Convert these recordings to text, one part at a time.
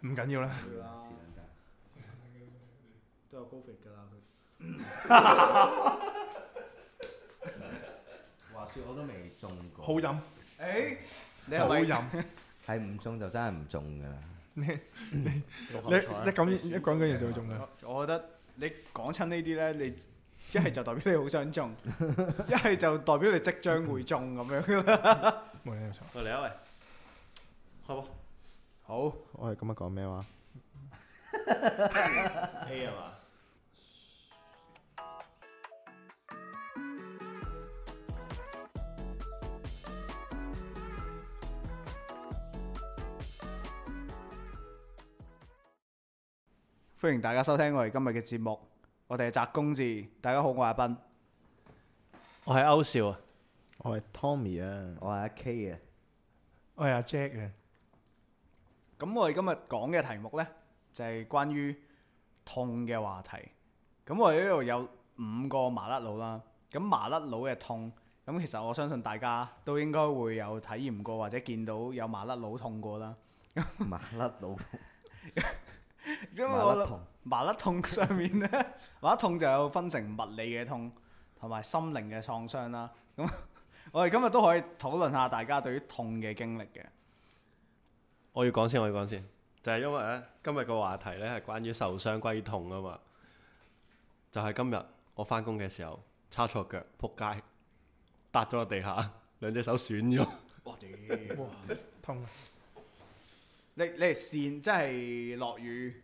唔緊要啦，都有高 fit 噶啦。佢話説，我都未中過。好飲，誒你好飲，係唔中就真係唔中噶啦。你你你一咁一講緊嘢就會中啦。我覺得你講親呢啲咧，你一係就代表你好想中，一係就代表你即將會中咁樣。冇錯，得啦喂，好冇？好，我哋今日講咩話？K 係嘛？ A，歡迎大家收聽我哋今日嘅節目，我哋係宅公子。大家好，我係阿斌，我係歐少啊，我係 Tommy 啊，我係阿 K 啊，我係阿 Jack 啊。咁我哋今日講嘅題目呢，就係關於痛嘅話題。咁我哋呢度有五個麻甩佬啦。咁麻甩佬嘅痛，咁其實我相信大家都應該會有體驗過或者見到有麻甩佬痛過啦。麻甩佬痛，因為我麻甩痛上面呢，麻甩痛就有分成物理嘅痛同埋心靈嘅創傷啦。咁我哋今日都可以討論下大家對於痛嘅經歷嘅。我要講先，我要講先，就係、是、因為咧，今日個話題咧係關於受傷、歸痛啊嘛。就係、是、今日我翻工嘅時候，叉錯腳，仆街，揼咗落地下，兩隻手損咗。哇，哇， 哇痛、啊你！你你係跣，即係落雨。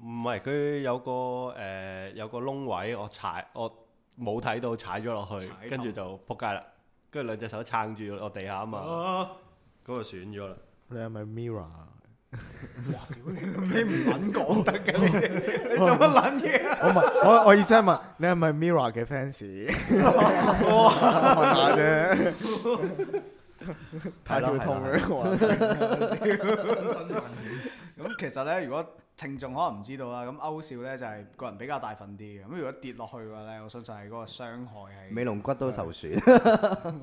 唔係佢有個誒、呃、有個窿位，我踩我冇睇到踩咗落去，痛跟住就仆街啦。跟住兩隻手撐住落地下啊嘛，嗰個、啊、損咗啦。你係咪 Mira？哇！你唔肯講得嘅？你你做乜撚嘢啊？我我我意思係問你係咪 Mira 嘅 fans？問下啫，太痛啦！咁其實咧，如果聽眾可能唔知道啦，咁歐少咧就係個人比較大份啲嘅，咁如果跌落去嘅話咧，我相信係嗰個傷害係尾龍骨都受損是的。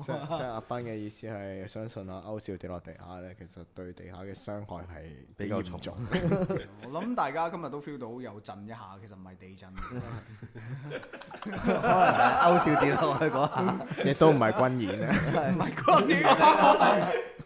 即係阿斌嘅意思係相信啊歐少跌落地下咧，其實對地下嘅傷害係比較嚴重。 我諗大家今日都 feel 到有震一下，其實唔係地震。可能係歐少跌落去嗰下，亦 都唔係軍演啊！唔係軍演。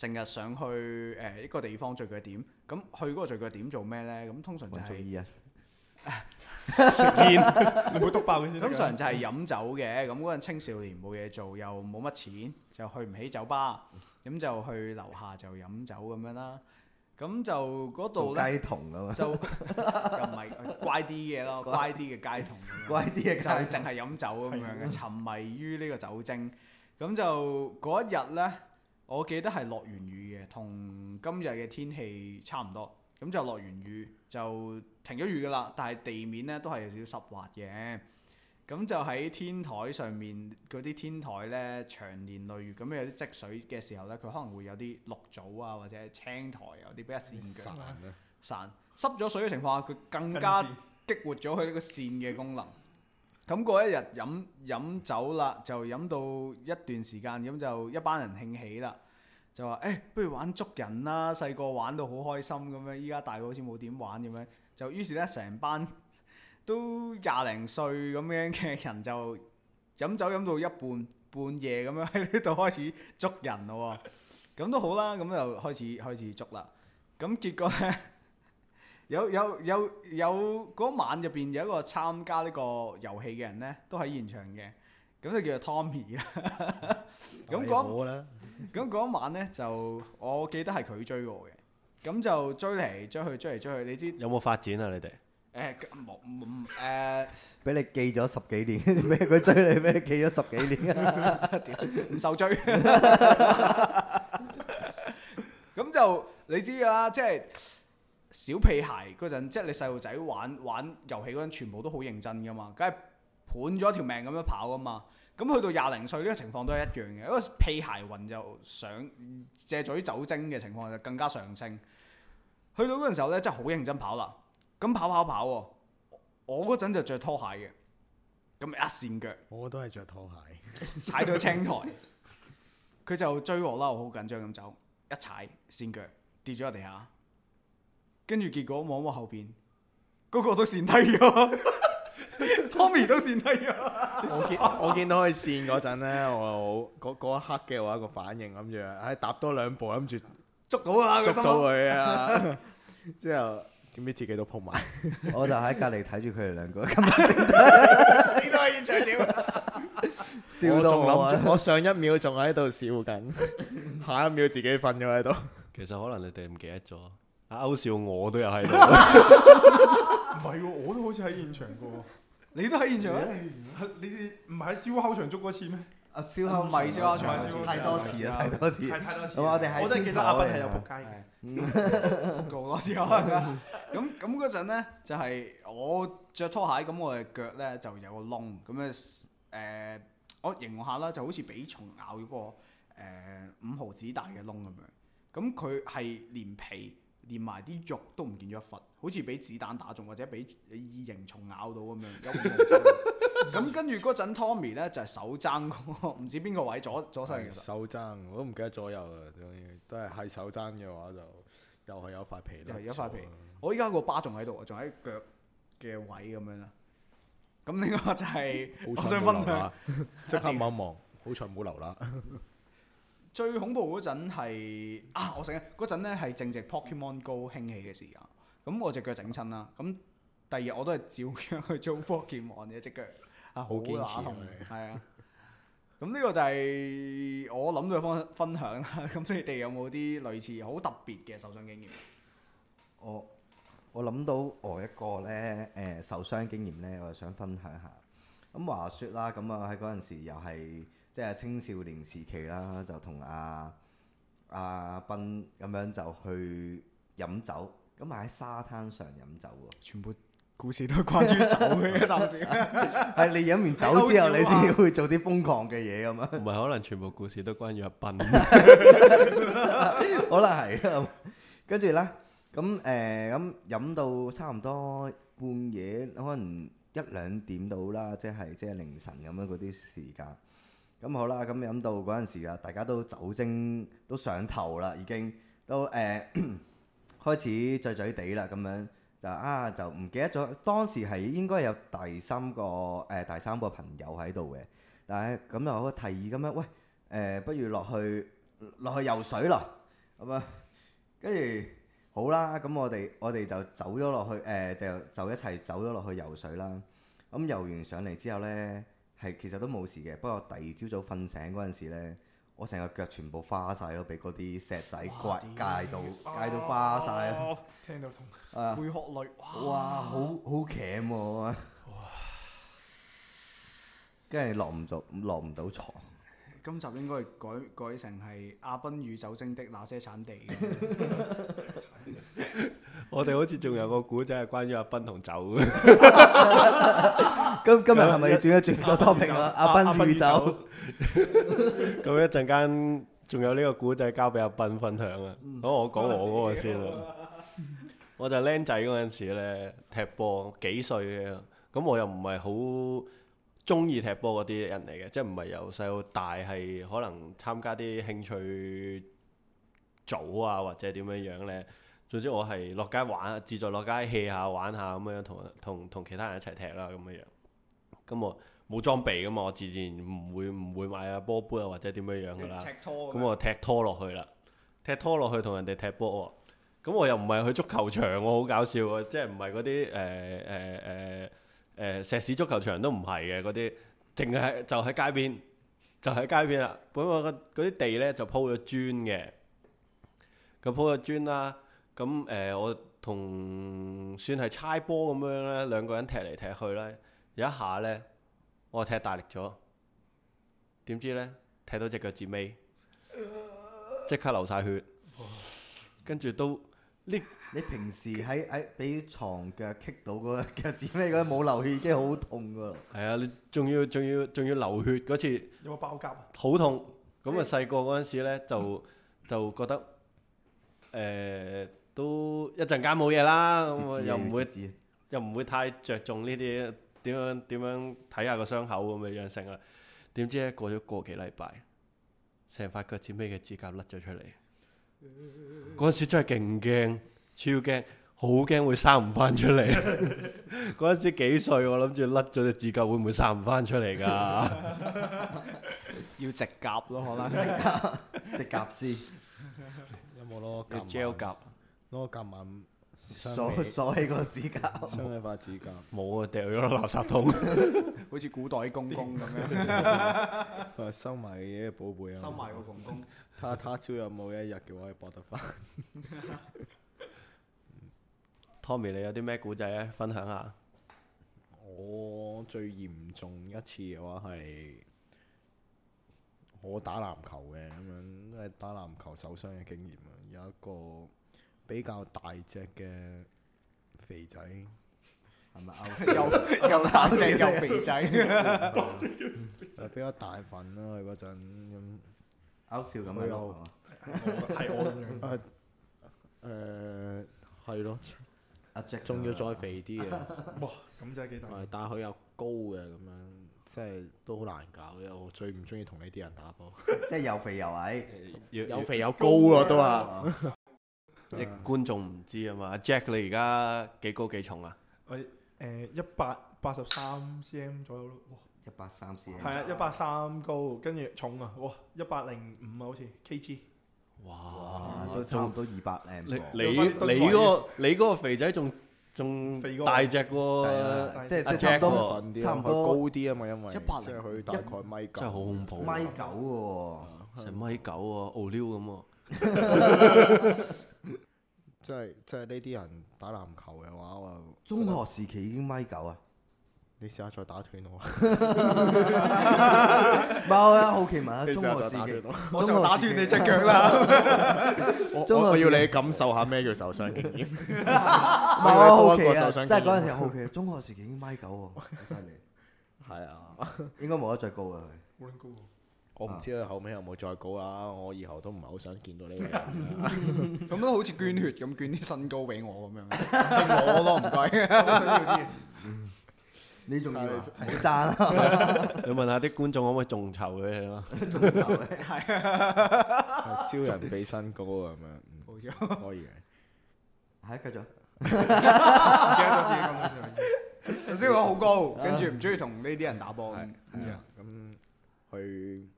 成日想去誒一個地方聚腳點，咁去嗰個聚腳點做咩咧？咁通常就係食煙，唔會篤爆佢先。通常就係飲酒嘅，咁嗰陣青少年冇嘢做，又冇乜錢，就去唔起酒吧，咁就去樓下就飲酒咁樣啦。咁就嗰度咧，就唔係乖啲嘅咯，乖啲嘅街童。乖啲嘅就係淨係飲酒咁樣嘅，沉迷於呢個酒精。咁就嗰一日咧。我記得係落完雨嘅，同今日嘅天氣差唔多。咁就落完雨就停咗雨㗎喇，但係地面咧都係有少少濕滑嘅。咁就喺天台上面嗰啲天台咧，長年累月咁樣有啲積水嘅時候咧，佢可能會有啲綠藻啊，或者青苔呀，有啲比較潺嘅。潺，潺濕咗水嘅情況下，佢更加激活咗佢呢個潺嘅功能。咁過一日飲飲酒啦，就飲到一段時間，咁就一班人興起啦，就話，誒、欸，不如玩捉人啦！細個玩到好開心咁樣，依家大個好似冇點玩咁樣，就於是咧，成班都廿零歲咁樣嘅人就飲酒飲到一半半夜咁樣喺呢度開始捉人咯，咁都好啦，咁就開始開始捉啦，咁結果咧。有有有有嗰晚入邊有一個參加呢個遊戲嘅人咧，都喺現場嘅，咁就叫做 Tommy 啦。咁嗰咁嗰晚咧就我記得係佢追我嘅，咁就追嚟追去追嚟追去，你知有冇發展啊？你哋誒，冇唔誒，俾你記咗十幾年，俾佢追你，俾你記咗十幾年，唔受追。咁就你知㗎啦，即係。小屁孩嗰陣，即係你細路仔玩玩遊戲嗰陣，全部都好認真噶嘛，梗係盤咗條命咁樣跑噶嘛。咁去到廿零歲呢個情況都係一樣嘅，因為屁孩運就上，借咗啲酒精嘅情況就更加上升。去到嗰陣時候咧，真係好認真跑啦。咁跑，跑跑跑，我嗰陣就着拖鞋嘅，咁一跣腳。我都係着拖鞋，踩到青苔。佢 就追我啦，我好緊張咁走，一踩跣腳跌咗喺地下。跟住結果望望後邊，個個都跣低咗 ，Tommy 都跣低咗。我見我見到佢跣嗰陣咧，我嗰一刻嘅話個反應諗住，喺踏多兩步諗住捉到啦，捉到佢啊！之後點知自己都撲埋， 我就喺隔籬睇住佢哋兩個今。今日先睇到現場料，笑，笑我我到我，我上一秒仲喺度笑緊，下一秒自己瞓咗喺度。其實可能你哋唔記得咗。阿歐少、 哦，我都有喺度，唔係，我都好似喺現場過。你都喺現場啊？在你哋唔係喺燒烤場捉過一次咩？啊，燒烤唔係燒烤場咪燒烤，太多次啦，太多次。係太多次。我哋係我都係記得阿斌係有仆街嘅，咁咁嗰陣咧，就係、是、我着拖鞋，咁我嘅腳咧就有個窿，咁嘅誒，我形容下啦，就好似俾蟲咬咗、那個誒、呃、五毫子大嘅窿咁樣。咁佢係連皮。掂埋啲肉都唔見咗一塊，好似俾子彈打中或者俾異形蟲咬到咁樣。咁 跟住嗰陣 Tommy 咧就係、是、手踭，唔知邊個位左左身手踭我都唔記得左右啦，都係係手踭嘅話就又係有，塊皮，有塊皮。係有塊皮。我依家個疤仲喺度仲喺腳嘅位咁樣啦。咁呢個就係、是、我想分享，即 刻望一望，好彩冇留啦。 最恐怖嗰陣係啊！我成日嗰陣咧係正值 Pokemon Go 興起嘅時間，咁我隻腳整親啦。咁第二日我都係照樣去做 Pokemon 嘅隻腳啊，好 堅持啊！係啊，咁 呢樂個就係我諗到嘅分分享啦。咁你哋有冇啲類似好特別嘅受傷經驗？我我諗到我一個咧誒、呃、受傷經驗咧，我係想分享下。咁話説啦，咁啊喺嗰陣時又係。即係青少年時期啦，就同阿阿斌咁樣就去飲酒，咁咪喺沙灘上飲酒喎。全部故事都關於酒嘅，暫時係你飲完酒之後，你先會做啲瘋狂嘅嘢咁啊。唔係，可能全部故事都關於阿斌，好啦，係跟住咧咁誒咁飲到差唔多半夜，可能一兩點到啦，即係即係凌晨咁樣嗰啲時間。咁好啦，咁飲到嗰陣時啊，大家都酒精都上頭啦，已經都誒、呃、開始醉醉地啦，咁樣就啊就唔記得咗，當時係應該有第三個誒、呃、第三個朋友喺度嘅，但係咁又好似提議咁樣，喂誒、呃，不如落去落去游水咯，咁啊，跟住好啦，咁我哋我哋就走咗落去誒、呃，就就一齊走咗落去游水啦。咁游完上嚟之後呢。係其實都冇事嘅，不過第二朝早瞓醒嗰陣時咧，我成個腳全部花晒咯，俾嗰啲石仔刮界、啊、到界、啊、到花曬，啊、聽到痛啊！貝殼類哇，哇，好好劇喎、啊，跟哇住落唔到落唔到床。今集應該改改成係阿賓與酒精的那些產地。 我哋好似仲有個古仔係關於阿斌同酒嘅。今日係咪要轉一轉個 topic 啊？阿斌與酒。咁一陣間仲有呢個古仔交俾阿斌分享啊。好，我講我嗰個先啊。我就僆仔嗰陣時咧，踢波幾歲嘅？咁我又唔係好鍾意踢波嗰啲人嚟嘅，即係唔係由細到大係可能參加啲興趣組啊，或者點樣樣咧？總之，我係落街玩，自在落街 hea 下、玩下咁樣，同同同其他人一齊踢啦咁樣。咁我冇裝備噶嘛，我自，自然唔會唔會買啊波杯啊或者點樣樣噶啦。咁我踢拖落去啦，踢拖落去同人哋踢波，哦。咁我又唔係去足球場喎，好搞笑啊！即係唔係嗰啲誒誒誒誒石屎足球場都唔係嘅嗰啲，淨係就喺街邊就喺街邊啦。本來嗰啲地咧就鋪咗磚嘅，咁鋪咗磚啦。咁誒、欸，我同算係猜波咁樣咧，兩個人踢嚟踢去咧，有一下咧，我踢大力咗，點知咧踢到隻腳趾尾，即刻流晒血，跟住都呢。你平時喺喺俾牀腳棘到個腳趾尾嗰陣，冇流血已經好痛㗎。係啊、欸，你仲要仲要仲要流血嗰次，有冇包夾？好痛！咁啊，細個嗰陣時咧，就就覺得誒。欸都一陣間冇嘢啦，咁啊又唔會又唔會太著重呢啲點樣點樣睇下個傷口咁嘅樣成啦。點知咧過咗個幾禮拜，成塊腳趾尾嘅指甲甩咗出嚟。嗰陣時真係勁驚，超驚，好驚會生唔翻出嚟。嗰陣時幾歲？我諗住甩咗隻指甲會唔會生唔翻出嚟㗎？要植甲咯，可能植甲先。有冇咯？gel 甲。我今晚鎖鎖起個指甲，鑲起塊指甲，冇啊沒！掉咗落垃圾桶， 好似古代公公咁樣， 收埋嘅嘢寶貝啊！收埋個公公，睇下他他超有冇一日嘅話可以博得翻 ？Tommy，你有啲咩古仔咧？分享下。我最嚴重一次嘅話係我打籃球嘅咁樣，都係打籃球受傷嘅經驗啊！有一個。比較大隻嘅肥仔，係咪？又又大隻又肥仔，就比較大份咯。佢嗰陣咁，搞笑咁樣，係我咁樣。誒誒，係咯，阿隻仲要再肥啲嘅。哇！咁就係幾大。但係佢又高嘅咁樣，即係都好難搞。我最唔中意同呢啲人打波，即係又肥又矮，又肥又高咯都話。啲觀眾唔知啊嘛，Jack，你而家幾高幾重啊？喂，誒一百八十三 cm 左右咯，哇！一百三 cm。係啊，一百三高，跟住重啊，哇！一百零五啊，好似 kg。哇！都差唔多二百零。你你嗰個你嗰個肥仔仲仲大隻喎，即係 Jack 份啲啊，高啲啊嘛，因為一百零即係佢大概米九，好恐怖。米九喎，成米九喎，O L 咁喎。即係即係呢啲人打籃球嘅話，中學時期已經米九啊？你試下再打斷我，冇啦！好奇問下中學時期，我就打斷你隻腳啦。我要你感受下咩叫受傷經驗，冇好奇啊！即係嗰陣時好奇，中學時期已經米九喎，犀利。係啊，應該冇得再高啊，高。我唔知佢後尾有冇再高啦，我以後都唔係好想見到呢個人。咁都好似捐血咁捐啲身高俾我咁樣，我都唔怪。你仲要係讚啦？你問下啲觀眾可唔可以眾籌嘅嘢咯？眾籌係招人俾身高啊咁樣。可以，嘅。係繼續。唔記得咗自己咁樣。頭先講好高，跟住唔中意同呢啲人打波咁樣，咁去。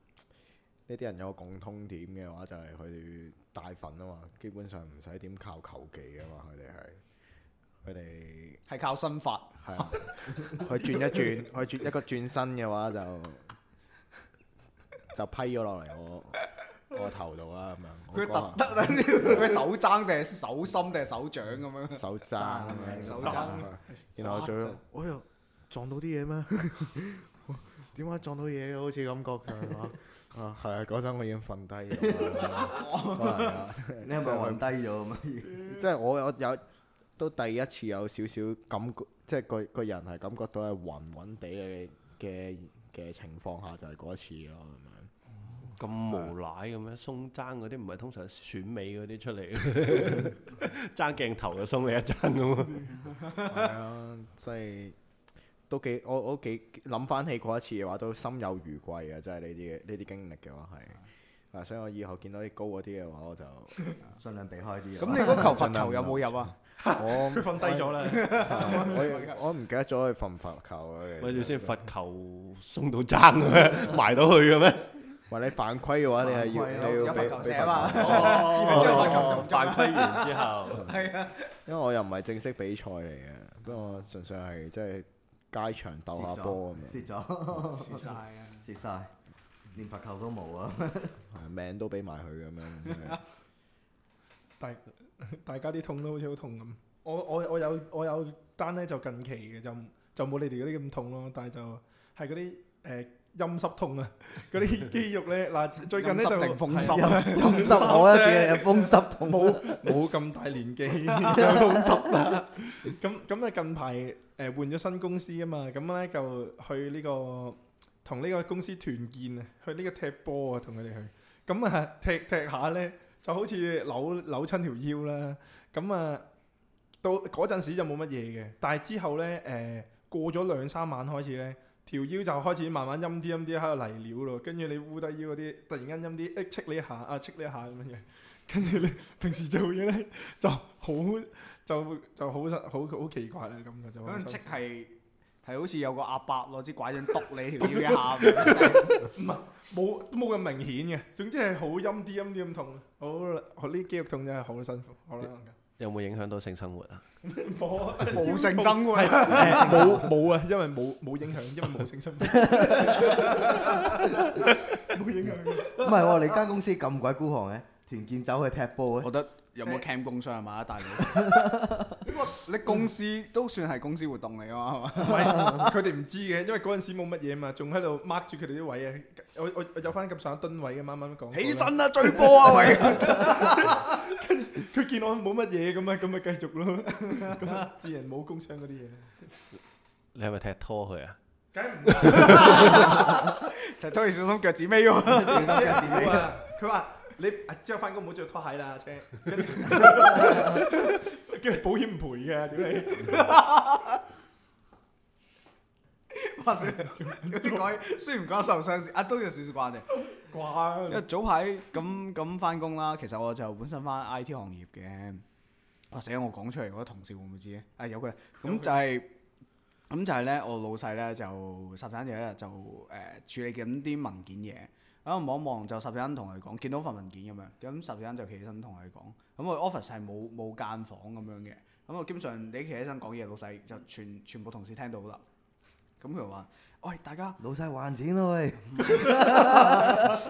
啲人有個共通點嘅話，就係佢哋帶粉啊嘛，基本上唔使點靠球技嘅嘛，佢哋係佢哋係靠身法，係啊，佢轉一轉，佢 轉一個轉身嘅話就就批咗落嚟我我個頭度啦咁樣。佢突得啊！佢、啊、手踭定係手心定係手掌咁樣？手踭，手踭。然後我最我又、哎、撞到啲嘢咩？點 解撞到嘢？好似感覺㗎啊，係啊、哦！嗰陣我已經瞓低咗，你係咪暈低咗啊？即係是 我有有都第一次有少少感覺，即係個個人係感覺到係暈暈地嘅嘅嘅情況下就，就係嗰一次咯。咁無賴咁樣，松爭嗰啲唔係通常選美嗰啲出嚟，爭鏡頭就松美一爭噶嘛。係啊，即係。都幾我我幾諗翻起嗰一次嘅話，都心有餘悸啊！真係呢啲呢啲經歷嘅話係，啊！所以我以後見到啲高嗰啲嘅話，我就盡量避開啲。咁你嗰球罰球有冇入啊？我瞓低咗啦，我唔記得咗佢罰唔罰球嘅。喂住先，罰球送到爭埋到去嘅咩？話你犯規嘅話，你係要你要俾俾罰球。之後我球就犯規完之後，係啊，因為我又唔係正式比賽嚟嘅，不過我純粹係即係。街場鬥下波咁了樣，蝕咗了，蝕晒 啊！蝕曬，連罰球都冇啊！命都俾埋佢咁樣。大大家啲痛都好似好痛咁。我我我有我有單咧，就近期嘅，就就冇你哋嗰啲咁痛咯。但係就係嗰啲誒。陰濕痛啊！嗰啲肌肉咧，嗱， 最近咧就陰濕定風濕 啊！陰濕我一次，風濕痛冇冇咁大年紀又 風濕啦。咁咁啊，近排誒換咗新公司啊嘛，咁咧就去呢、呢個同呢個公司團建啊，去呢個踢波啊，同佢哋去。咁啊踢踢下咧，就好似扭扭親條腰啦。咁啊，到嗰陣時就冇乜嘢嘅，但係之後咧誒過咗兩三晚開始咧。條腰就開始慢慢陰啲陰啲喺度嚟料咯，跟住你烏低腰嗰啲，突然間陰啲，誒、哎、戚你一下，啊戚你一下咁樣，跟住你平時做嘢咧就好就就好好好奇怪啦咁嘅就。嗰陣戚係係好似有個阿伯攞支拐杖篤你條腰一下，唔係冇都冇咁明顯嘅，總之係好陰啲陰啲咁痛，好呢肌肉痛真係好辛苦，好撚有冇影響到性生活啊？冇冇性生活，冇冇啊！因為冇冇影響，因為冇性生活，冇影響嘅。唔係喎，你間公司咁鬼孤寒嘅，團建走去踢波咧。有冇 cam 工傷啊嘛？大佬，呢個你公司都算係公司活動嚟啊嘛？佢哋唔知嘅，因為嗰陣時冇乜嘢啊嘛，仲喺度抹住佢哋啲位啊！我我有翻咁上下蹲位嘅，啱啱講起身啦，追波啊！喂，跟住佢見我冇乜嘢咁啊，咁咪繼續咯，自然冇工傷嗰啲嘢。你係咪踢拖佢啊？梗唔係，踢拖你小心腳趾尾喎。佢話。你啊，之後翻工唔好着拖鞋啦，阿車。跟住 叫保險賠嘅屌你！ 哇塞！有啲，點解？ 雖然講受傷事 啊，都有少少掛你掛。因為早排咁咁翻工啦，其實我就本身翻 I T 行業嘅。或者我講出嚟，我，我同事會唔會知咧？啊、哎、有嘅。咁就係、是，咁就係、是、咧，我老細咧就十三日就誒處理緊啲文件嘢。咁望一望就十時分，同佢講，見到份文件咁樣，咁十時分就企起身同佢講，咁我 office 係冇冇間房咁樣嘅，咁我基本上你企起身講嘢，老細就全全部同事聽到啦。咁佢話：喂，大家老細還錢啦喂！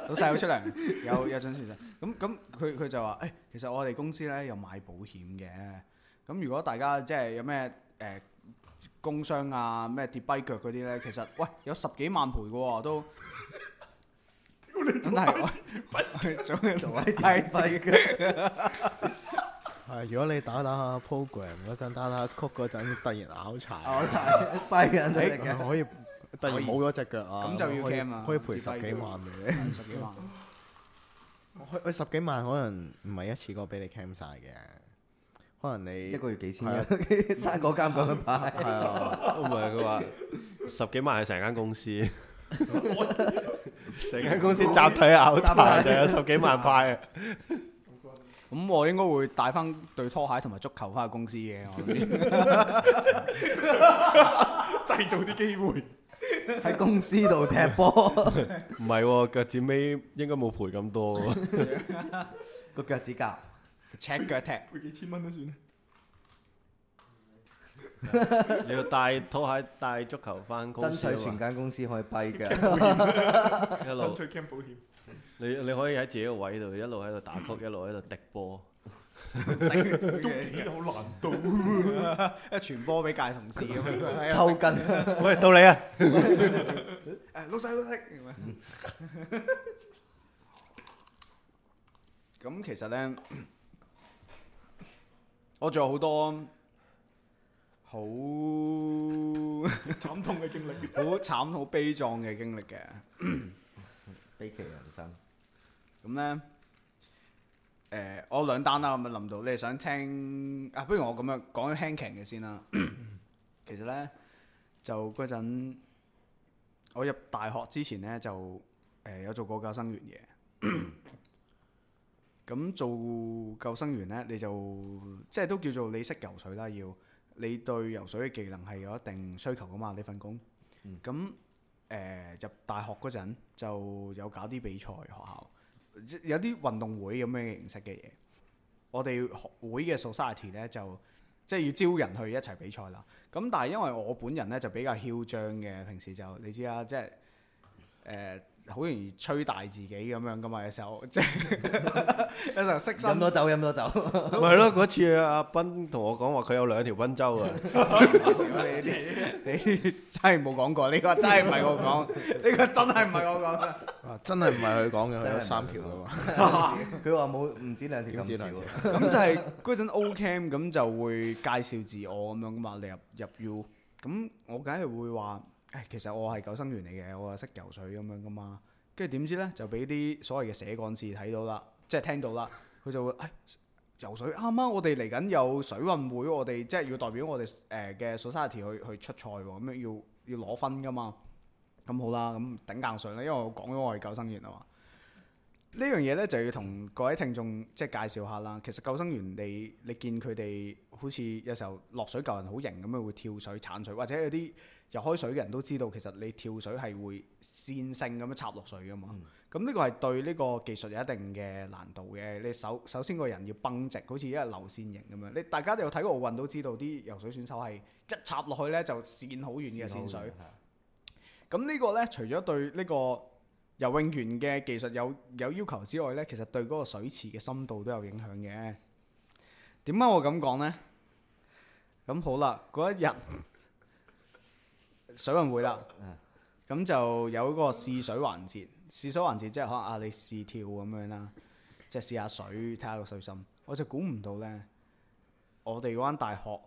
老細好出糧，有有張先生。咁咁佢佢就話：誒、哎，其實我哋公司咧有買保險嘅，咁如果大家即係有咩誒、欸、工傷啊、咩跌跛腳嗰啲咧，其實喂有十幾萬賠嘅喎都。真係我，我，做做我，大廢嘅。係如果你打打下 program 嗰陣，打打曲嗰陣，突然拗柴，拗柴跛咗隻腳，咁就要 cam 啊！可以賠十幾萬嘅，十幾萬。喂，十幾萬可能唔係一次過俾你 cam 晒嘅，可能你一個月幾千嘅，生果金咁樣派，唔係佢話十幾萬係成間公司。成間公司集體拗柴就有十幾萬塊，咁我應該會帶翻對拖鞋同埋足球翻去公司嘅，我諗製造啲機會喺公司度踢波。唔係，腳趾尾應該冇賠咁多，個腳趾甲赤腳踢，賠幾千蚊都算。你要帶拖鞋帶足球返工，爭取全間公司可以批嘅。一路爭取兼保險，你你可以喺自己個位度一路喺度打曲，一路喺度滴波，都好難到，一傳波俾隔位同事咁樣，抽筋。喂，到你啊！誒，老細老細，咁其實咧，我仲有好多。好慘痛嘅經歷，好 慘好悲壯嘅經歷嘅， 悲劇人生。咁咧，誒、 呃，我兩單啦，咁樣諗到，你哋想聽啊？不如我咁樣講啲輕劇嘅先啦。 其實咧，就嗰陣我入大學之前咧，就誒、呃、有做過救生員嘅。咁 做救生員咧，你就即係都叫做你識游水啦，要。你對游水嘅技能係有一定需求噶嘛？呢份工，咁誒、嗯呃、入大學嗰陣就有搞啲比賽，學校有啲運動會咁樣嘅形式嘅嘢，我哋學會嘅 society 咧就即係、就是、要招人去一齊比賽啦。咁但係因為我本人咧就比較囂張嘅，平時就你知啦，即係誒。呃好容易吹大自己咁樣噶嘛？有時候即係有時候識心飲多酒，飲多酒。唔係咯？嗰次阿斌同我講話，佢有兩條溫州啊！你啲，你真係冇講過呢個，真係唔係我講，呢個真係唔係我講啊！真係唔係佢講嘅，佢有三條啊嘛！佢話冇，唔止兩條咁少。咁就係嗰陣 O Camp 咁就會介紹自我咁樣嘛？你入入 U 咁，我梗係會話。誒、哎，其實我係救生員嚟嘅，我係識游水咁樣噶嘛，跟住點知咧就俾啲所謂嘅寫幹事睇到啦，即係聽到啦，佢就會唉、哎，游水啱啱我哋嚟緊有水運會，我哋即係要代表我哋誒嘅 Society 去去出賽喎，咁樣要要攞分噶嘛，咁好啦，咁頂硬上啦，因為我講咗我係救生員啊嘛。樣呢樣嘢咧就要同各位聽眾即係介紹下啦。其實救生員你你見佢哋好似有時候落水救人好型咁樣會跳水鏟水，或者有啲游開水嘅人都知道，其實你跳水係會線性咁樣插落水㗎嘛。咁呢、嗯、個係對呢個技術有一定嘅難度嘅。你首首先個人要崩直，好似一個流線型咁樣。你大家有睇過奧運都知道，啲游水選手係一插落去咧就線好遠嘅線,線水。咁、嗯、呢個咧，除咗對呢、呢個。游泳員嘅技術有有要求之外呢其實對嗰個水池嘅深度都有影響嘅。點解我咁講呢？咁好啦，嗰一日、嗯、水運會啦，咁、嗯、就有一個試水環節。試水環節即係可能啊，你試跳咁樣啦，即、就、係、是、試下水，睇下個水深。我就估唔到呢，我哋嗰間大學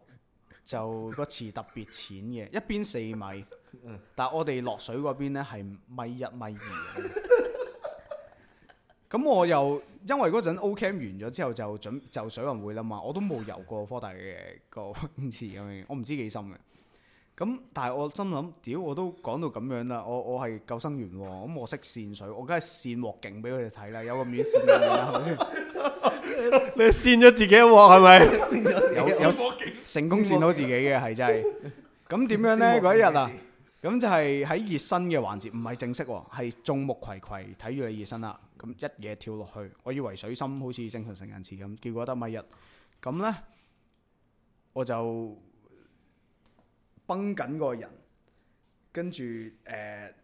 就、個池特別淺嘅，一邊四米。 但係我哋落水嗰邊咧，係咪一米二？咁我又因為嗰陣 O Camp 完咗之後就準就水運會啦嘛，我都冇游過科大嘅個泳池咁樣，我唔知幾深嘅咁但係我心諗屌，我都講到咁樣啦，我我係救生員，咁我識扇水，我梗係扇鑊勁俾佢哋睇啦，有個面善係咪先？你扇咗自己喎，係咪？有有成功扇到自己嘅係真係。咁點樣咧？嗰一日啊～咁就係喺熱身嘅環節，唔係正式喎，係眾目睽睽睇住你熱身啦。咁一嘢跳落去，我以為水深好似正常成人池咁，結果得米一咁咧，我就繃緊個人，跟住誒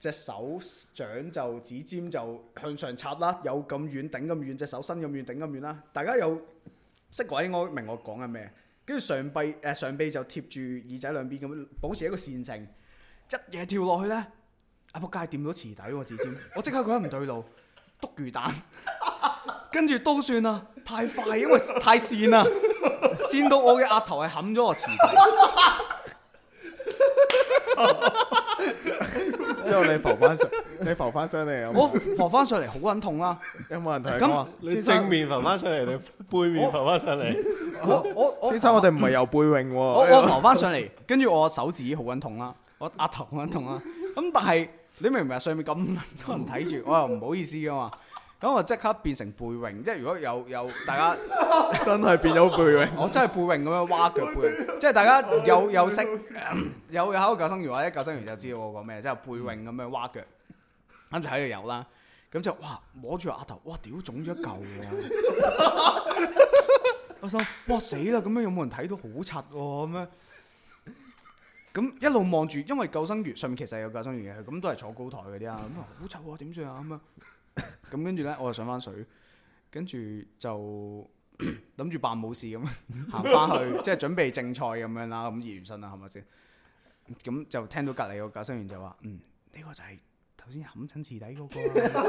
隻手掌就指尖就向上插啦，有咁遠頂咁遠隻手伸咁遠頂咁遠啦。大家有識鬼，我明我講緊咩？跟住上臂誒、呃、上臂就貼住耳仔兩邊咁，保持一個線性。一嘢跳落去咧，阿仆街掂到池底個指尖，first, 我即刻覺得唔對路，篤魚蛋，跟住都算啦，太快，因為太跣啦，跣到我嘅額頭係冚咗個池底，之後你浮翻上，你浮翻上嚟啊！我浮翻上嚟好搵痛啦，有冇人睇啊？你正面浮翻上嚟，你背面浮翻上嚟，我我，我，我先生，我哋唔係游背泳我，我我浮翻上嚟，跟住我手指好搵痛啦。我額頭好痛啊，咁但係你明唔明啊？上面咁多人睇住，我又唔好意思嘅嘛，咁我即刻變成背泳，即係如果有有大家 真係變咗背泳， 我真係背泳咁樣蛙腳背， 即係大家有有，有識 有有考救生員或者救生員就知道我講咩、那個，即係背泳咁樣蛙腳，跟住喺度遊啦，咁就哇摸住個額頭，哇屌腫咗一嚿啊！ 我心哇死啦，咁樣有冇人睇到好柒喎咁樣？咁一路望住，因為救生員上面其實有救生員嘅，咁都係坐高台嗰啲啊。咁啊，好臭啊，點算啊咁啊？咁跟住咧，我就上翻水，跟住就諗住扮冇事咁行翻去，即係準備正菜咁樣啦。咁熱完身啦，係咪先？咁就聽到隔離個救生員就話：嗯，呢個就係頭先冚親池底嗰個。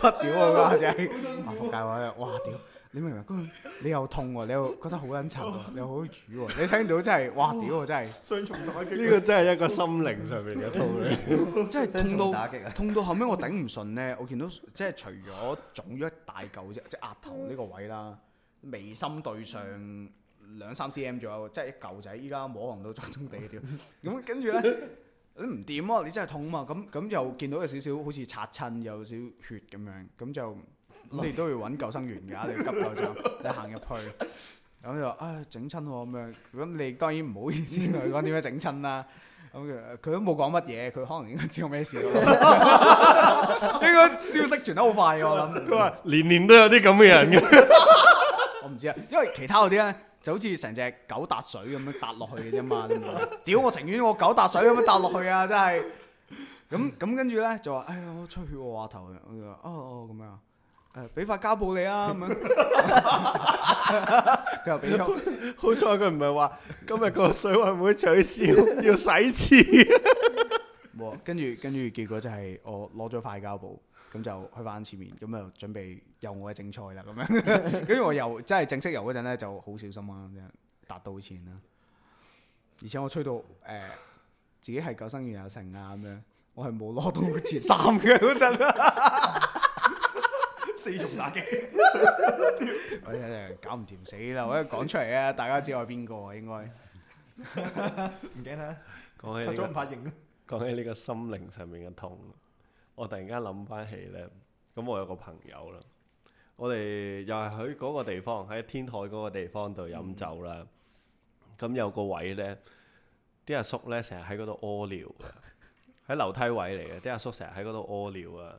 我屌啊！真係麻煩介話哇屌！你明唔明？ 你又痛喎、啊，你又覺得好撚沉喎， 你又好淤喎。你聽到真係，哇！屌， 真係雙重打擊。呢個真係一個心靈上面嘅痛，真係痛到 痛到後尾我頂唔順咧。我見到即係除咗腫咗一大嚿啫，即係額頭呢個位啦，眉心對上兩三 cm 左右，即係嚿仔依家摸唔到中中地屌。咁跟住咧，你唔掂啊！你真係痛啊嘛。咁咁又見到有少少好似擦親，有少血咁樣，咁就。你哋都要揾救生員噶，你急救就你行入去，咁就唉，整親咁樣。咁你當然唔好意思，同佢講點樣整親啦。咁佢都冇講乜嘢，佢可能應該知我咩事咯。應該消息傳得好快嘅，我諗佢話年年都有啲咁嘅人嘅。我唔知啊，因為其他嗰啲咧就好似成隻狗踏水咁樣踏落去嘅啫嘛。屌我，情願我狗踏水咁樣踏落去啊！真係咁咁跟住咧就話哎呀我出血個話頭，佢話哦咁樣。誒，俾塊膠布你啊，咁樣。 佢又俾好彩佢唔係話今日個水運會取消， 要洗廁。冇、 哦，跟住跟住，結果就係我攞咗塊膠布，咁就去翻前面，咁啊準備游我嘅正賽啦，咁樣。 跟住我游，真係正式游嗰陣咧，就好小心啊，咁樣，笪到錢啦。而且我吹到誒、呃，自己係救生員又成啊，咁樣，我係冇攞到前三嘅嗰陣。 四重打機，我真係搞唔掂死啦！我一講出嚟啊，大家知我係邊個啊？應該唔驚啦。講起，出咗唔怕認。講起呢個心靈上面嘅痛，我突然間諗翻起咧，咁我有個朋友啦，我哋又係喺嗰個地方喺天台嗰個地方度飲酒啦。咁有個位咧，啲阿叔咧成日喺嗰度屙尿嘅，喺樓梯位嚟嘅。啲阿叔成日喺嗰度屙尿啊，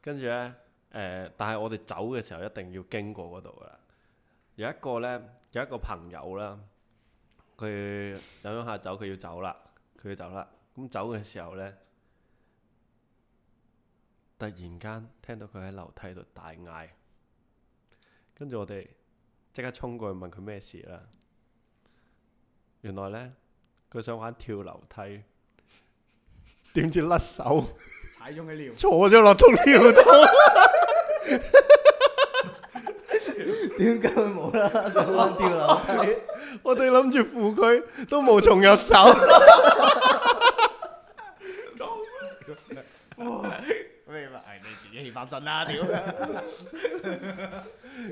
跟住咧。誒，但係我哋走嘅時候一定要經過嗰度噶啦。有一個咧，有一個朋友啦，佢諗諗下走，佢要走啦，佢要走啦。咁走嘅時候咧，突然間聽到佢喺樓梯度大嗌，跟住我哋即刻衝過去問佢咩事啦。原來咧，佢想玩跳樓梯，點知甩手，踩中佢尿，坐咗落到尿桶。點解冇啦？就溫掉啦！我哋諗住扶佢，都無從入手。哇！你話？係你自己起翻身啦！屌！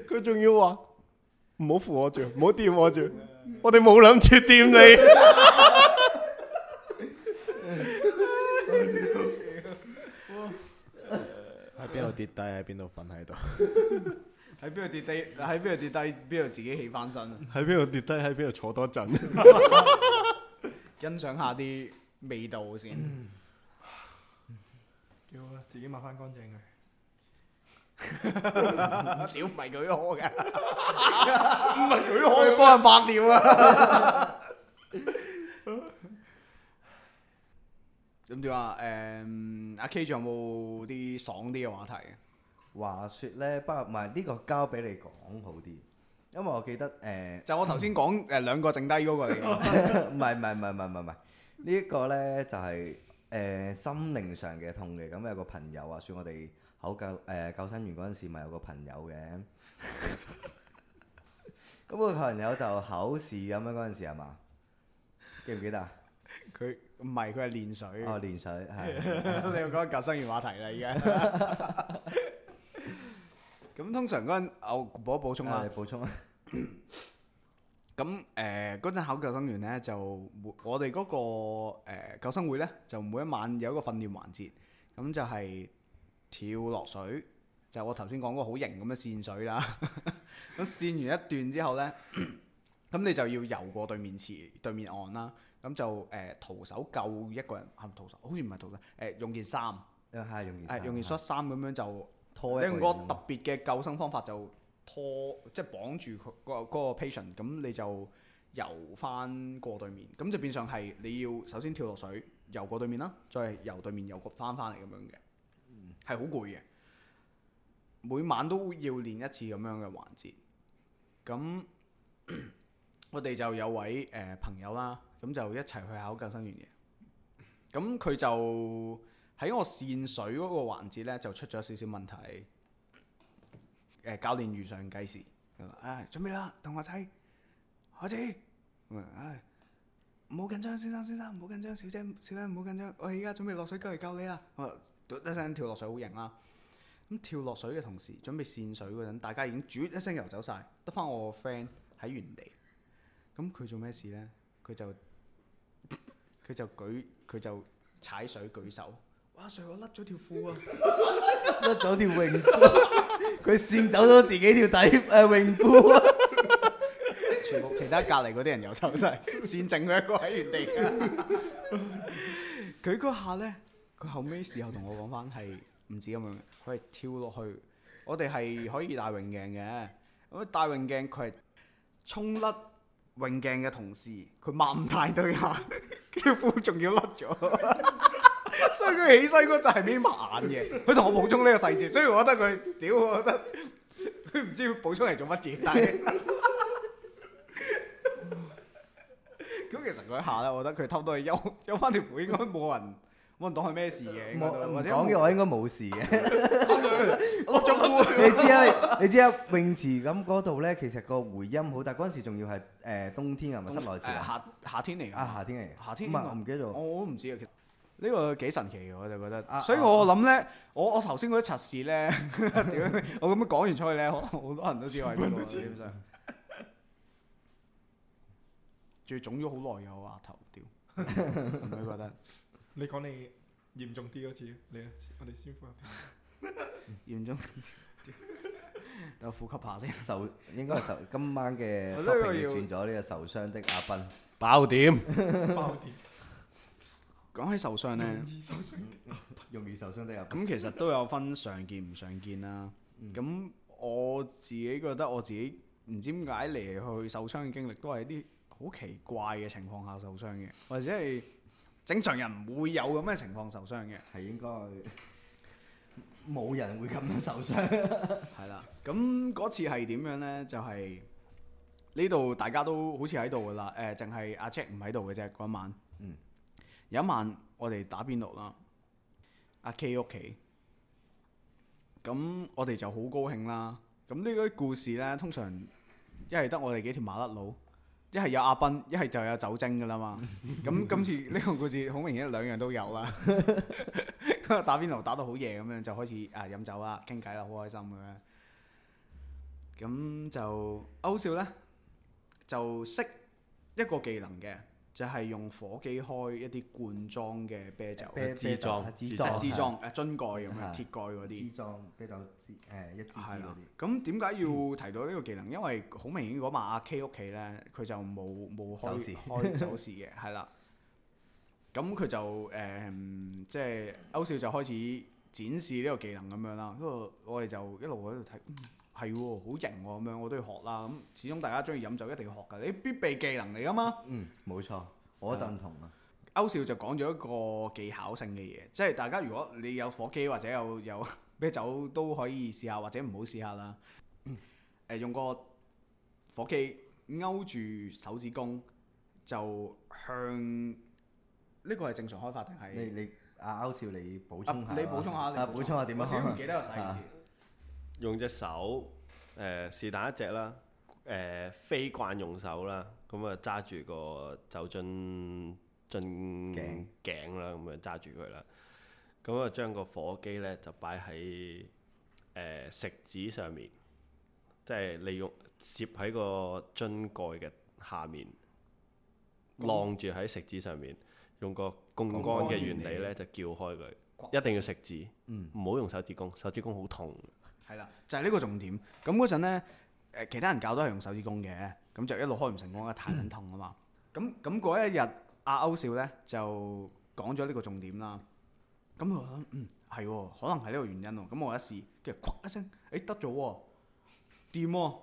佢仲要話唔好扶我住，唔好掂我住。我哋冇諗住掂你。邊度跌低喺邊度瞓喺度？喺邊度跌低？喺邊度跌低？邊度自己起翻身啊？喺邊度跌低？喺邊度坐多陣？ 欣賞下啲味道先。叫、嗯、自己抹翻乾淨佢。少唔係佢屙嘅，唔係佢屙，幫 人抹尿啊！ 咁、嗯啊、點啊？誒，阿 K 仲有冇啲爽啲嘅話題啊？話説咧，不過唔係呢個交俾你講好啲，因為我記得誒，呃、就我頭先講誒兩個剩低嗰個嚟嘅，唔係唔係唔係唔係唔係呢一個咧就係、是、誒、呃、心靈上嘅痛嘅。咁有個朋友話説我哋考救誒救生員嗰陣時，咪有個朋友嘅。咁 個朋友就考試咁樣嗰陣時係嘛？記唔記得啊？佢。唔係，佢係練水。哦，練水，你又講救生員話題啦，而家。咁通常嗰陣，我補一補充啦。補充。咁誒，嗰 陣、呃、考救生員咧，就我哋嗰、嗰個、呃、救生會咧，就每一晚有一個訓練環節，咁就係跳落水，就係、我頭先講嗰個好型咁樣跣水啦。咁 跣完一段之後咧，咁 你就要游過對面池、對面岸啦。咁就誒、呃、徒手救一個人，係咪徒手？好似唔係徒手，誒用件衫，係用件，用件恤衫咁樣就拖。你用個特別嘅救生方法就拖，即、就、係、是、綁住佢、那、嗰個 patient，咁、那個、你就游翻過對面，咁就變相係你要首先跳落水，游過對面啦，再係游對面，游翻翻嚟咁樣嘅，係好攰嘅。每晚都要練一次咁樣嘅環節，咁。 我哋就有位誒、呃、朋友啦，咁就一齊去考救生員嘅。咁佢就喺我扇水嗰個環節呢，就出咗少少問題。誒、呃，教練遇上計時，啊，準備啦，同學仔，開始咁啊，唉，唔好緊張，先生先生唔好緊張，小姐小姐唔好緊張，我而家準備落水嚟救你啦、啊。我一聲跳落水好型啦。咁跳落水嘅同時，準備扇水嗰陣，大家已經一聲遊走晒，得翻我個 friend 喺原地。咁佢做咩事咧？佢就佢就舉佢就踩水舉手，哇！Sir，我甩咗條褲啊，甩咗條泳褲，佢跣 走咗自己條底誒、呃、泳褲啊！全部其他隔籬嗰啲人又抽晒，跣剩佢一個喺原地。佢 嗰下咧，佢 後尾時候同我講翻係唔止咁樣，佢係跳落去，我哋係可以戴泳鏡嘅。咁戴泳鏡佢係衝甩。泳鏡嘅同事，佢擘唔大對眼，條褲仲要甩咗， 所以佢起身嗰陣係眯埋眼嘅。佢同我補充呢個細節，所以我覺得佢屌，我覺得佢唔知補充嚟做乜嘢。但係，咁 其實佢下咧，我覺得佢偷到去修，修翻條褲，應該冇人。唔關檔係咩事嘅，或者我應該冇事嘅，我中。你知啊？你知啊？泳池咁嗰度咧，其實個回音好大，但嗰陣時仲要係誒冬天啊，係咪室內節？誒夏夏天嚟噶。啊，夏天嚟。夏天。咁啊，我唔記得咗。我都唔知啊，其實呢個幾神奇嘅，我就覺得。所以我諗咧，我我頭先嗰啲測試咧，我咁樣講完出去咧，可能好多人都知我係邊個。都知基本上。最腫咗好耐嘅我額頭，屌！唔會覺得。你講你嚴重啲嗰次，你啊，我哋先呼。嚴重啲，等呼吸下先受，應該受今晚嘅突然轉咗呢個受傷的阿斌，爆點，爆點。講起受傷咧，容易受傷，容易受傷的啊。咁其實都有分常見唔常見啦。咁我自己覺得我自己唔知點解嚟去受傷嘅經歷都係一啲好奇怪嘅情況下受傷嘅，或者係。正常人唔會有咁嘅情況受傷嘅，係應該冇人會咁樣受傷。 係啦，咁嗰次係點樣呢？就係呢度大家都好似喺度噶啦，誒、呃，淨係阿 Jack 唔喺度嘅啫。嗰晚，嗯、有一晚我哋打邊爐啦，阿 K 屋企。咁我哋就好高興啦。咁呢啲故事呢，通常一係得我哋幾條馬甩佬。一係有阿斌，一係就有酒精㗎啦嘛。咁今 次呢個故事好明顯兩樣都有啦。 打邊爐打到好夜咁樣，就開始啊飲酒啦、傾偈啦，好開心咁樣。咁就歐笑咧，就識一個技能嘅。就係用火機開一啲罐裝嘅啤酒，啲啲支支裝、支裝，樽蓋咁樣鐵蓋嗰啲，支裝啤酒，誒、呃、一啲啲嗰啲。咁點解要提到呢個技能？嗯、因為好明顯嗰晚阿 K 屋企咧，佢就冇冇開走事開酒市嘅，係啦。咁佢 就誒、嗯，即係歐少就開始展示呢個技能咁樣啦。不過我哋就一路喺度睇。嗯係喎，好型喎，咁樣我都要學啦。咁始終大家中意飲酒，一定要學噶，你必備技能嚟噶嘛。嗯，冇錯，我贊同啊，呃。歐少就講咗一個技巧性嘅嘢，即係大家如果你有火機或者有有啤酒都可以試下，或者唔好試下啦，呃。用個火機勾住手指公，就向呢個係正常開發定係？你你阿歐少，你補充下，啊，你補充下。你補充下。啊，補充下點啊？我唔記得個細節。用隻手，誒是但一隻啦，誒、呃、非慣用手啦，咁啊揸住個酒樽樽頸啦，咁啊揸住佢啦，咁啊將個火機咧就擺喺誒食指上面，即係利用攝喺個樽蓋嘅下面晾住喺食指上面，用個槓桿嘅原理咧就撬開佢，一定要食指，唔好、嗯、用手指公，手指公好痛。係啦，就係、是、呢個重點。咁嗰陣咧，誒、呃、其他人教都係用手指公嘅，咁就一路開唔成功， 太緊痛啊嘛。咁咁一日，阿歐少咧就講咗呢個重點啦。咁我話嗯，係可能係呢個原因咯。咁我一試，跟住一聲，誒得咗，掂、啊。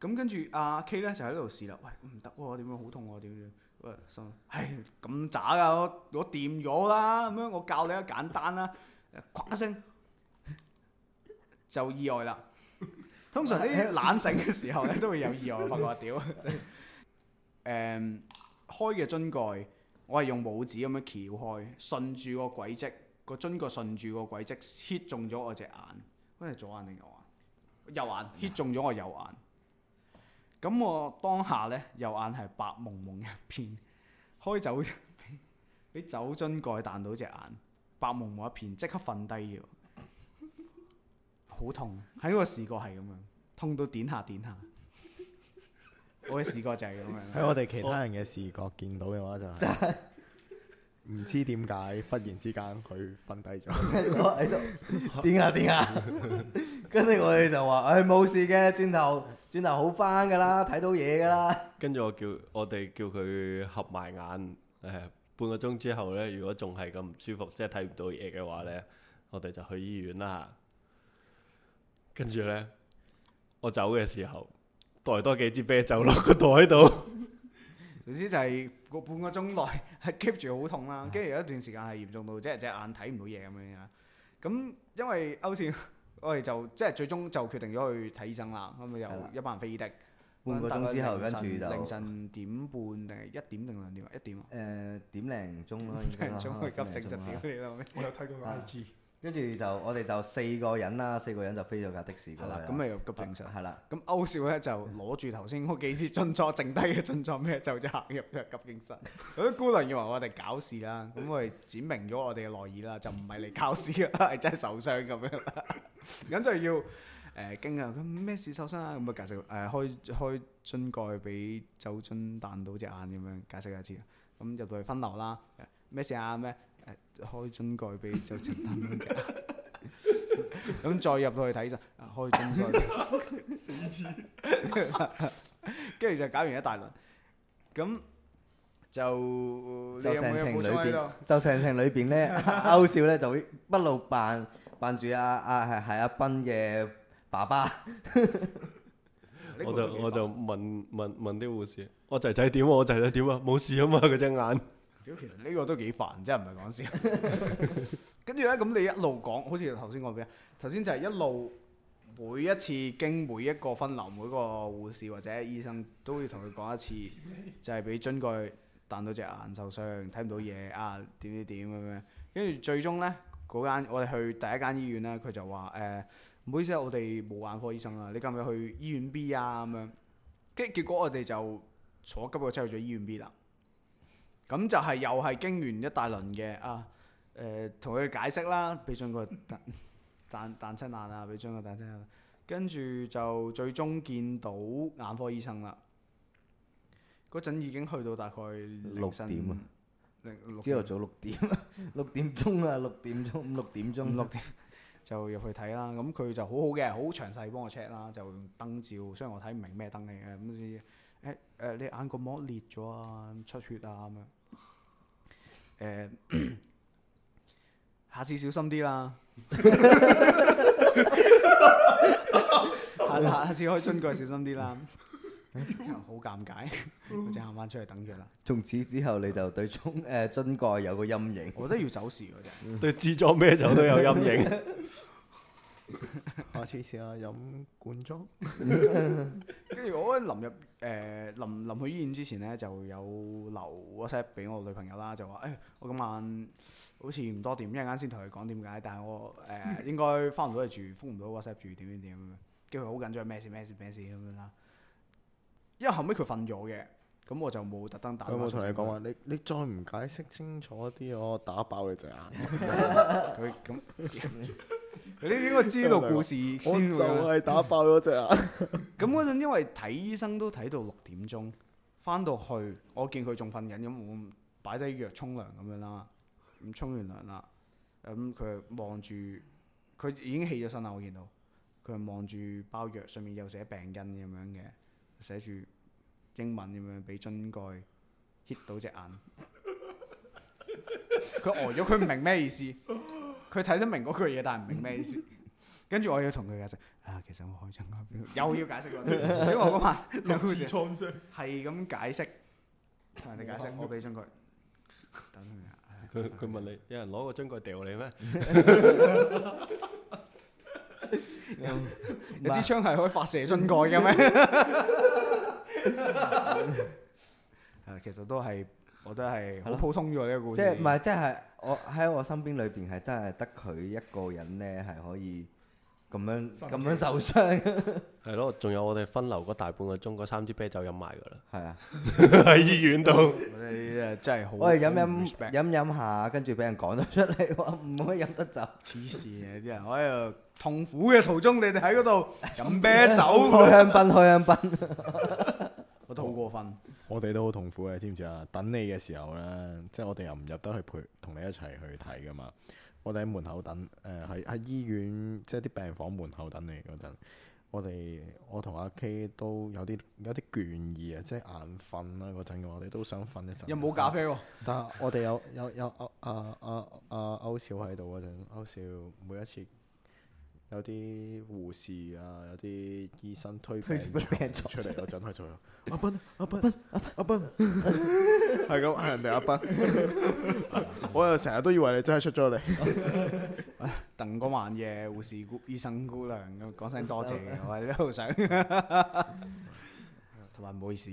咁跟住阿 K 咧就喺度試啦。喂，唔得喎，點樣好痛喎，點樣？誒、啊哎、心，唉咁渣噶，我掂咗啦。咁樣我教你一啊，簡單啦，誒一聲。 就意外啦！通常喺懶醒嘅時候咧， 都會有意外。發覺屌！誒， um, 開嘅樽蓋，我係用拇指咁樣撬開，順住個軌跡，個樽蓋順住個軌跡 hit 中咗我隻眼。嗰隻左眼定右眼？右眼 hit 嗎中咗我右眼。咁我當下咧，右眼係白蒙蒙一片，開酒俾酒樽蓋彈到隻眼，白蒙蒙一片，即刻瞓低要。好痛，喺我視覺係咁樣痛到點下點下， 我嘅視覺就係咁樣。喺 我哋其他人嘅視覺見到嘅話就係唔知點解忽然之間佢瞓低咗喺度點下點下，跟住我哋就話，誒、哎、冇事嘅，轉頭轉頭好翻㗎啦，睇到嘢㗎啦。跟住我叫我哋叫佢合埋眼，誒、哎、半個鐘之後咧，如果仲係咁唔舒服，即係睇唔到嘢嘅話咧，我哋就去醫院啦。跟住咧，我走嘅時候袋多幾支啤酒落個袋度。總之就係個半個鐘內係 keep 住好痛啦。跟住有一段時間係嚴重到即係隻眼睇唔到嘢咁樣。咁因為歐少我哋就即係最終就決定咗去睇醫生啦。咁咪有一班人飛的半個鐘之後跟住就凌晨點半定係一點定兩點啊？一點啊？誒點零鐘咯？點零鐘去急症室啦！我有睇過個 IG。跟住就我哋就四個人啦，四個人就飛咗架的士過去。係啦、啊，咁咪急症室。係啦。咁歐少咧就攞住頭先嗰幾支樽裝剩低嘅樽裝咩，就即行入急症室。嗰啲姑娘以為我哋搞事啦，咁我哋展明咗我哋嘅內意啦，就唔係嚟搞事，係真係受傷咁樣啦。咁 就要誒、呃、驚啊！佢咩事受傷啊？咁啊解釋誒、呃，開開樽蓋俾酒樽彈到隻眼咁樣，解釋一次。咁入去分流啦。咩事啊？咩？誒，開樽蓋俾就陳丹，咁再入到去睇就開樽蓋，死黐，跟住就搞完一大輪，咁 就整整整就成程裏邊，就成程裏邊咧，歐少咧，就一路扮扮住啊，阿係係阿斌嘅爸爸，我就我就問問問啲護士，我仔仔點？我仔仔點啊？冇事啊嘛，嗰隻眼。其實呢個都幾煩，真係唔係講笑。跟住咧，咁你一路講，好似頭先講邊啊？頭先就係一路每一次經每一個分流，每個護士或者醫生都要同佢講一次，就係、是、俾樽蓋彈到隻眼受傷，睇唔到嘢啊，點點點咁樣,的樣的。跟住最終咧，嗰間我哋去第一間醫院咧，佢就話誒，唔、呃、好意思，我哋冇眼科醫生啊，你今日去醫院 B 啊咁樣。跟住結果我哋就坐急救車去咗醫院 B 啦。咁就係又係經完一大輪嘅啊，誒、呃，同佢解釋啦，俾張個蛋蛋蛋親眼啊，俾張個蛋親眼。跟住就最終見到眼科醫生啦。嗰陣已經去到大概六點啊，朝頭早六點，六點， 點鐘啦、啊，六點鐘，六點鐘，六點，點 就入去睇啦。咁佢就好好嘅，好詳細幫我 check 啦，就用燈照，雖然我睇唔明咩燈嚟嘅咁。誒誒、欸呃，你眼角膜裂咗啊，出血啊咁樣。誒、呃，下次小心啲啦。係啦，下次開樽蓋小心啲啦。好尷尬，我即刻行返出去等住啦。從此之後，你就對沖誒樽蓋有個陰影。我覺得要走時嗰陣。嗯、對自裝咩酒都有陰影。 嗯、 我試下飲罐裝，跟住我喺臨入誒、呃，臨臨去醫院之前咧，就有留 WhatsApp 俾我女朋友啦，就話誒、哎，我今晚好似唔多掂，一陣間先同佢講點解，但係我誒應該翻唔到嚟住，封唔到 WhatsApp 住，點點點咁樣，跟住佢好緊張，咩事咩事咩事咁樣啦。因為後尾佢瞓咗嘅，咁我就冇特登打。我冇同你講話，那你你再唔解釋清楚啲，我打爆你隻眼。佢咁。你應該知道故事先會啦。我就係打爆嗰隻眼。咁嗰陣，因為睇醫生都睇到六點鐘，翻到去我見佢仲瞓緊，咁我擺低藥沖涼咁樣啦。咁沖完涼啦，咁佢望住佢已經起咗身啦。我見到佢望住包藥上面又寫病因咁樣嘅，寫住英文咁樣俾樽蓋 hit 到隻眼。佢呆咗，佢唔明咩意思。佢睇得明嗰句嘢，但係唔明咩意思。跟住我要同佢解釋，啊，其實我開槍喺邊，又要解釋喎。所以我嗰晚腦子創傷係咁解釋，同人哋解釋。我俾樽蓋，等佢啊！佢佢問你，有人攞個樽蓋掉你咩？一支槍係可以發射樽蓋嘅咩？啊，其實都係。我覺得係好普通嘅一、這個故事即，即係唔係，即係我喺我身邊裏邊係真係得佢一個人呢，係可以咁樣咁奇樣受傷。係咯，仲有我哋分流嗰大半個鐘，嗰三支啤酒飲埋噶啦。係啊，喺醫院度， 你真係好 respect。我哋飲飲飲飲下，跟住俾人趕咗出嚟，唔可以飲得酒。黐線嘅啲人，我喺度痛苦嘅途中，你哋喺嗰度飲啤酒開 香檳，開香檳。 我都好過分我，我哋都好痛苦嘅，知唔知啊？等你嘅時候咧，即係我哋又唔入得去陪同你一齊去睇㗎嘛。我哋喺門口等，誒喺喺醫院，即係啲病房門口等你嗰陣，我哋我同阿 K 有有都有啲有啲倦意啊，即係眼瞓啦嗰陣，我哋都想瞓一陣。又冇咖啡喎，但係我哋有有有阿阿阿歐少喺度嗰陣，歐少每一次。有啲護士啊，有啲醫生推推病牀出嚟，嗰陣去做阿斌，阿斌，阿斌，阿斌，係咁係人哋阿斌，我又成日都以為你真係出咗嚟。等嗰晚夜嘅護士姑、醫生姑娘咁講聲多謝，我喺一路想，同埋唔好意思。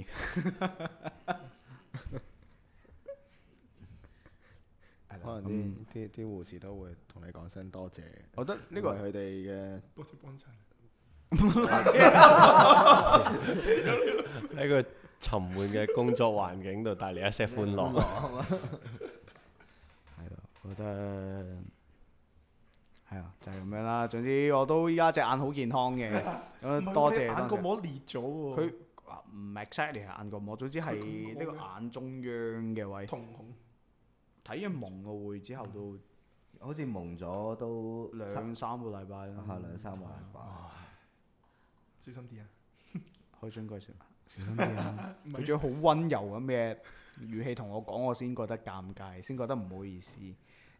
可能啲啲啲護士都會同你講聲多謝，謝，我覺得呢個係佢哋嘅多謝幫襯。喺個沉悶嘅工作環境度帶嚟一些歡樂，係咯，我覺得係啊，就係、是、咁樣啦。總之我都依家隻眼好健康嘅，咁 是多謝。眼角膜裂咗喎，啊，佢、啊、唔 exactly 係眼角膜，總之係呢痛個眼中央嘅位。瞳睇一矇個會之後到，都好似矇咗都兩三個禮拜啦。嚇、嗯，兩三、嗯、個禮拜。小心啲啊！開樽該算啦。小心啲啦、啊。佢仲要好溫柔咁嘅語氣同我講，我先覺得尷尬，先覺得唔好意思。因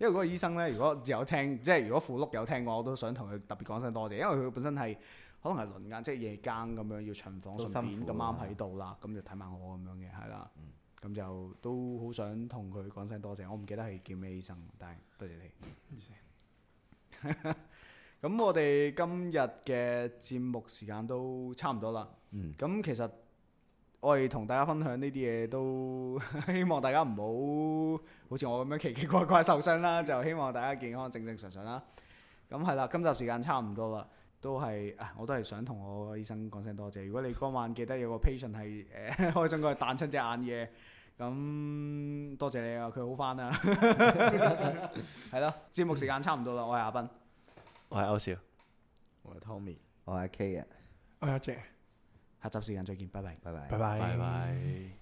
為嗰個醫生咧，如果有聽，即係如果副碌有聽嘅我都想同佢特別講聲多謝。因為佢本身係可能係輪更，即、就、係、是、夜更咁樣要巡房順便，咁啱喺度啦，咁就睇埋我咁樣嘅，係啦。嗯咁就都好想同佢講聲多謝，我唔記得係叫咩醫生，但係多謝你。咁 我哋今日嘅節目時間都差唔多啦。咁、嗯、其實我哋同大家分享呢啲嘢，都希望大家唔好好似我咁樣奇奇怪怪受傷啦，就希望大家健康正正常常啦。咁係啦，今集時間差唔多啦。都係、啊，我都係想同我醫生講聲多謝。如果你嗰晚記得有個 patient 係誒開診佢係彈親隻眼嘅，咁、嗯、多謝你啊，佢好返啦。係咯， 節目時間差唔多啦。我係阿斌，我係歐少，我係 Tommy，我係 K 嘅，我係阿 Jack。下集時間再見，拜拜，拜拜，拜拜，拜拜。